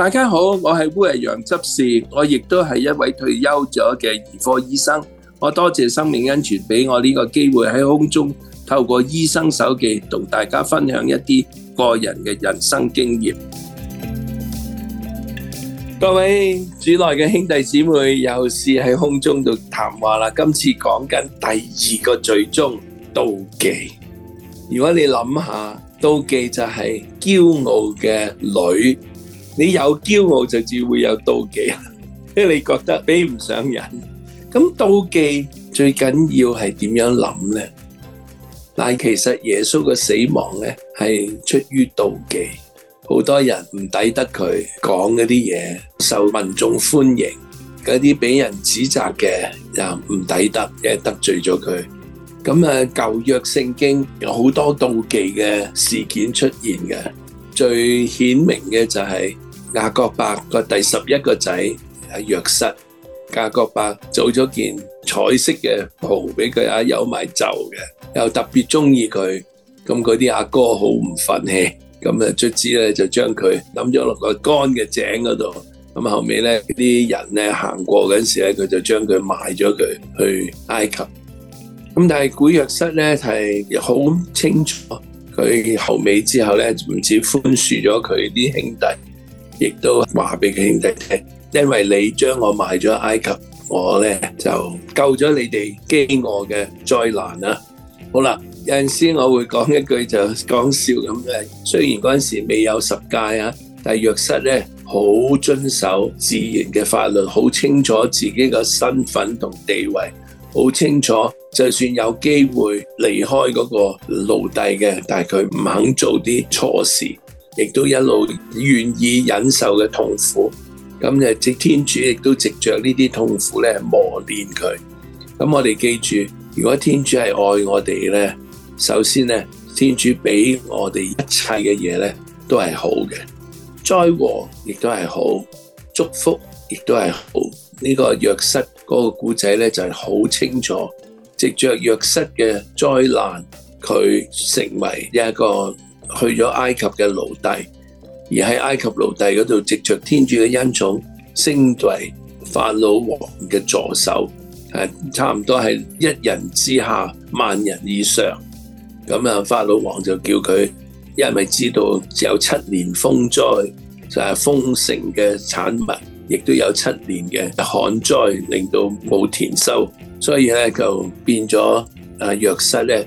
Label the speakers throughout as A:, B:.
A: 大家好，我係烏羊執事，我亦都係一位退休咗嘅兒科醫生。我多謝生命恩泉俾我呢個機會喺空中透過醫生手記同大家分享一啲個人嘅人生經驗。各位主內嘅兄弟姊妹，又是喺空中度談話啦。今次講緊第二個罪宗妒忌。如果你諗下妒忌就係驕傲嘅女。你有驕傲就至會有妒忌，因為你覺得比唔上人。咁妒忌最緊要係點樣諗呢？但其實耶穌嘅死亡呢係出於妒忌，好多人唔抵得佢講嗰啲嘢，受民眾歡迎嗰啲俾人指責嘅又唔抵得，即係得罪咗佢。咁啊，舊約聖經有好多妒忌嘅事件出現嘅，最顯明嘅就係，阿國伯個第十一個仔係藥室。阿國伯做咗件彩色嘅袍俾佢，啊有埋袖嘅，又特別中意佢。咁嗰啲阿哥好唔忿氣，咁啊卒之咧就將佢抌咗落個乾嘅井嗰度。咁後尾咧啲人咧行過嗰陣時咧，佢就將佢賣咗佢去埃及。咁但係古藥室咧係好清楚，佢後尾之後咧唔止寬恕咗佢啲兄弟。亦都話俾佢兄弟聽，因為你將我賣咗埃及，我呢就救咗你哋飢餓嘅災難啦。好啦，有陣時我會講一句就講笑咁嘅，雖然嗰陣時未有十誡啊，但係若瑟呢好遵守自然嘅法律，好清楚自己嘅身份同地位，好清楚就算有機會離開嗰個奴隸嘅，但係佢唔肯做啲錯事。亦都一路願意忍受嘅痛苦，咁就即天主亦都藉着呢啲痛苦咧磨練佢。咁我哋記住，如果天主係愛我哋咧，首先咧，天主俾我哋一切嘅嘢咧都係好嘅，災禍亦都係好，祝福亦都係好。呢、呢個約瑟嗰個古仔咧就係好清楚，藉着約瑟嘅災難，佢成為一個。去咗埃及嘅奴隸，而喺埃及奴隸嗰度藉着天主嘅恩寵，升為法老王嘅助手，係差唔多係一人之下萬人以上。咁啊，法老王就叫佢因為知道只有七年豐災，就係、是、豐盛嘅產物，亦都有七年嘅旱災，令到冇田收，所以咧就變咗啊，若瑟咧。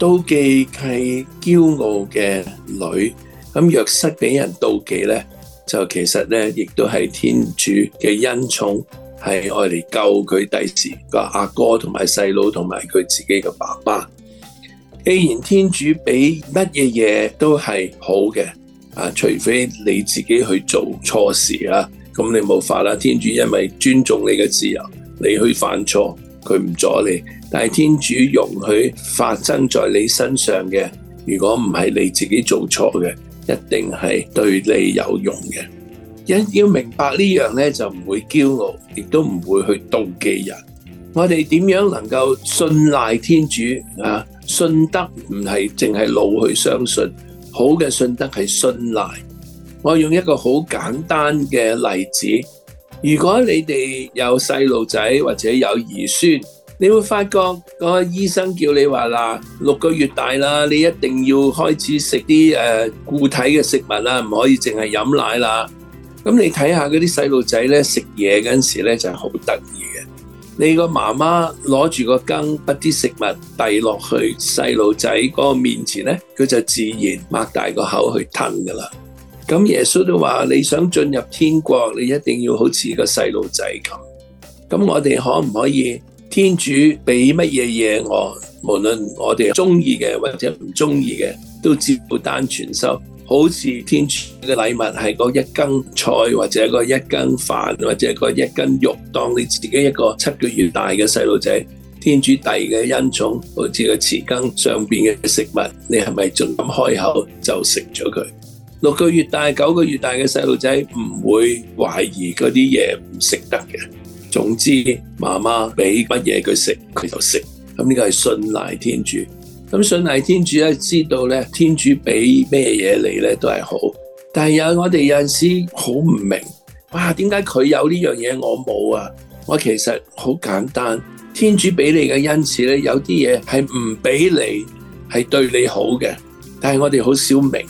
A: 妒忌係驕傲嘅女，咁若失俾人妒忌呢，就其實呢亦都係天主嘅恩寵，係愛嚟救佢，第時個阿哥同埋細佬同埋佢自己嘅爸爸。既然天主俾乜嘢嘢都係好嘅，啊，除非你自己去做錯事啦、啊，咁你冇法啦。天主因為尊重你嘅自由，你去犯錯，佢唔阻你。但是天主容許發生在你身上嘅，如果唔係你自己做錯嘅，一定係對你有用嘅。一要明白呢樣呢，就唔會驕傲，亦都唔會去妒忌人。我哋點樣能夠信賴天主啊？信德唔係淨係路去相信，好嘅信德係信賴。我用一個好簡單嘅例子，如果你哋有細路仔或者有兒孫。你會發覺、那個醫生叫你話嗱，六個月大啦，你一定要開始食啲誒固體嘅食物啦，唔可以淨係飲奶啦。咁你睇下嗰啲細路仔咧食嘢嗰陣時咧，就係好得意嘅。你個媽媽攞住個羹，不啲食物遞落去細路仔嗰個面前咧，佢就自然擘大個口去吞㗎啦。咁耶穌都話你想進入天國，你一定要好似個細路仔咁。咁我哋可唔可以？天主俾乜嘢嘢我，無論我哋中意嘅或者唔中意嘅，都照單全收。好似天主嘅禮物係嗰一羹菜，或者嗰一羹飯，或者嗰一羹肉，當你自己一個七個月大嘅細路仔，天主第嘅恩寵，好似個匙羹上邊嘅食物，你係咪盡咁開口就食咗佢？六個月大、九個月大嘅細路仔唔會懷疑嗰啲嘢唔食得嘅。總之，媽媽俾乜嘢佢食，佢就食。咁呢個係信賴天主。咁信賴天主咧，知道咧，天主俾咩嘢你咧都係好。但係有我哋有陣時好唔明，哇，點解佢有呢樣嘢我冇啊？我其實好簡單，天主俾你嘅恩賜咧，有啲嘢係唔俾你，係對你好嘅，但係我哋好少明。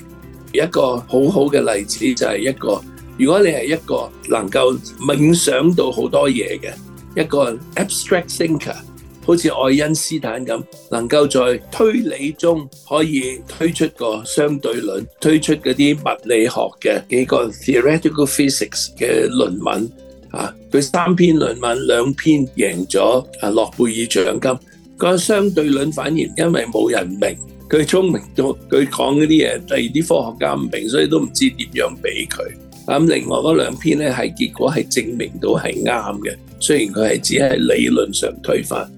A: 一個好好嘅例子就係一個。如果你係一個能夠冥想到好多嘢嘅一個 abstract thinker，好似愛因斯坦咁，能夠在推理中可以推出個相對論，推出嗰啲物理學嘅幾個 theoretical physics 嘅論文啊，佢三篇論文兩篇贏咗啊諾貝爾獎金。個相對論反而因為冇人明，佢聰明到佢講嗰啲嘢，第二啲科學家唔明，所以都唔知點樣畀佢。咁另外嗰兩篇咧，係結果係證明到係啱嘅，雖然佢係只係理論上推翻，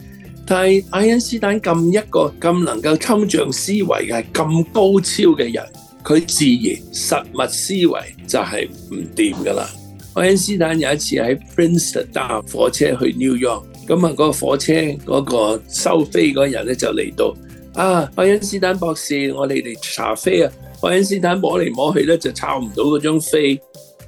A: 但係愛因斯坦咁一個咁能夠抽象思維嘅咁高超嘅人，佢自然實物思維就係唔掂噶啦。愛因斯坦有一次喺 Princeton 搭火車去 New York，咁啊嗰個火車嗰個收飛嗰人咧就嚟到，啊愛因斯坦博士，我哋嚟查飛啊！愛因斯坦摸嚟摸去咧就抄唔到嗰張飛，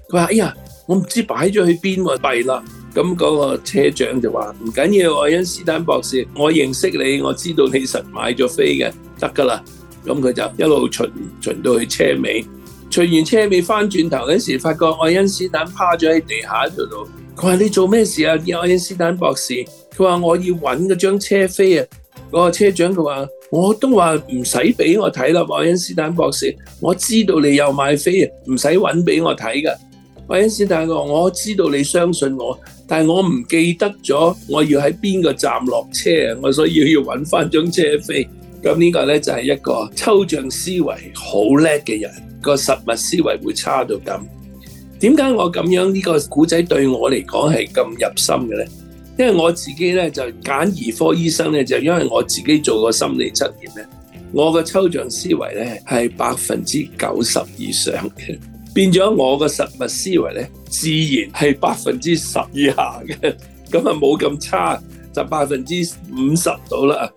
A: 佢話：哎呀，我唔知擺咗去邊喎，弊啦！咁、那、嗰個車長就話：唔緊要，愛因斯坦博士，我認識你，我知道你實買咗飛嘅，得噶啦！咁佢就一路巡尋到去車尾，巡完車尾翻轉頭嗰時候，發覺愛因斯坦趴咗喺地下度，佢話：你做咩事啊，愛因斯坦博士？佢話：我要搵嗰張車飛啊！那個車長佢話：我都話唔使俾我睇啦，愛因斯坦博士，我知道你有買飛，唔使揾俾我睇噶。愛因斯坦話：我知道你相信我，但係我唔記得咗我要喺邊個站落車，我所以要揾翻張車飛。咁呢個呢，就係、是、一個抽象思維好叻嘅人，個實物思維會差到咁。點解我咁樣呢、這個古仔對我嚟講係咁入心嘅呢？因為我自己咧就揀兒科醫生咧，就因為我自己做過心理測驗咧，我嘅抽象思維咧係百分之九十以上嘅，變咗我嘅實物思維咧自然係百分之十以下嘅，咁啊冇咁差就百分之五十到啦。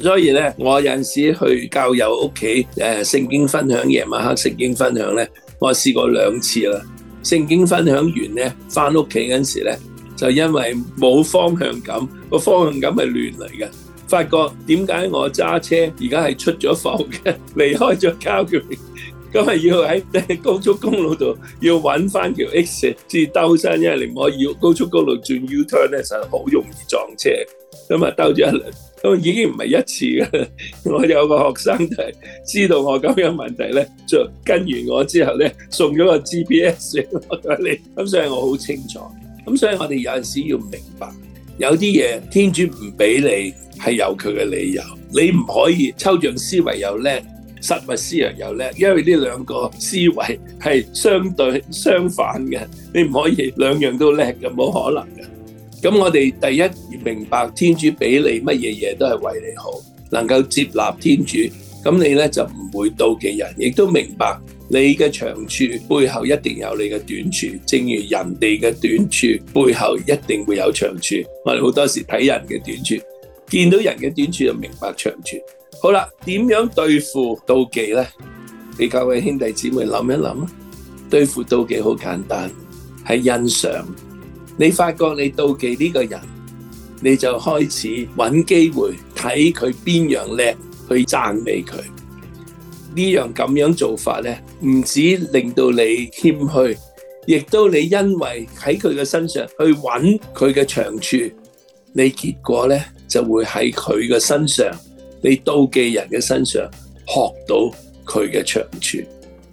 A: 所以咧，我有陣時去教友屋企誒，聖經分享夜晚黑聖經分享咧，我試過兩次啦。聖經分享完咧，翻屋企嗰陣時咧。就因為冇方向感，個方向感係亂嚟嘅。發覺點解我揸車而家係出咗埠嘅，離開咗 Calgary，咁咪要喺高速公路度要揾翻條 exit 先兜山，因為你唔可以高速公路轉 U turn 咧，就好容易撞車。咁啊兜咗一輪，咁已經唔係一次嘅。我有個學生就係知道我咁樣問題咧，就跟完我之後咧，送咗個 GPS 落嚟，咁所以我好清楚。咁所以我哋有陣時要明白，有啲嘢天主唔俾你係有佢嘅理由，你唔可以抽象思維又叻，實物思維又叻，因為呢兩個思維係相對相反嘅，你唔可以兩樣都叻咁，冇可能嘅。咁我哋第一要明白天主俾你乜嘢嘢都係為你好，能夠接納天主，咁你咧就唔會妒忌人，亦都明白。你嘅長處背後一定有你嘅短處，正如人哋嘅短處背後一定會有長處。我哋好多時睇人嘅短處，見到人嘅短處就明白長處。好啦，點樣對付妒忌呢？你各位兄弟姊妹諗一諗啊！對付妒忌好簡單，係欣賞。你發覺你妒忌呢個人，你就開始揾機會睇佢邊樣叻，去讚美佢。呢樣咁樣做法咧，唔止令到你謙虛，亦都你因為喺佢嘅身上去揾佢嘅長處，你結果咧就會喺佢嘅身上，你妒忌人嘅身上學到佢嘅長處。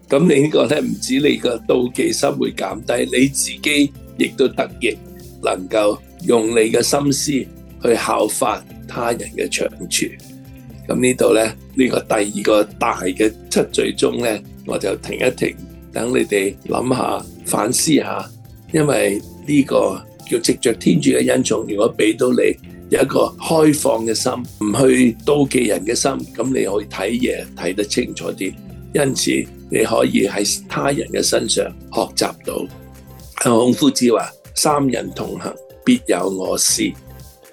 A: 咁你呢個咧唔止你個妒忌心會減低，你自己亦都得益，能夠用你嘅心思去效法他人嘅長處。咁呢度咧，呢個第二個大嘅七罪宗咧，我就停一停，等你哋諗下、反思下，因為呢個叫藉著天主嘅恩寵，如果俾到你有一個開放嘅心，唔去妒忌人嘅心，咁你可以睇嘢睇得清楚啲，因此你可以喺他人嘅身上學習到。孔夫子話：三人同行，必有我師。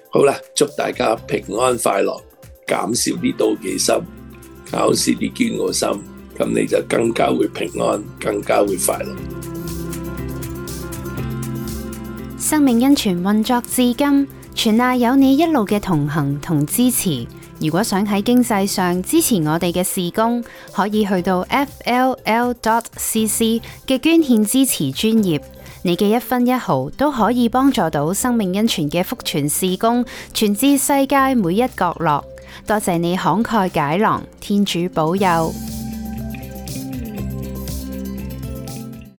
A: 好啦，祝大家平安快樂。減少啲妒忌心，搞少啲驕傲心，咁你就更加會平安，更加會快樂。生命恩泉運作至今，全賴有你一路嘅同行同支持。如果想喺經濟上支持我哋嘅事工，可以去到 f l l dot c c 嘅捐獻支持專頁。你嘅一分一毫都可以幫助到生命恩泉嘅福傳事工，傳至世界每一角落。多謝你慷慨解囊，天主保佑。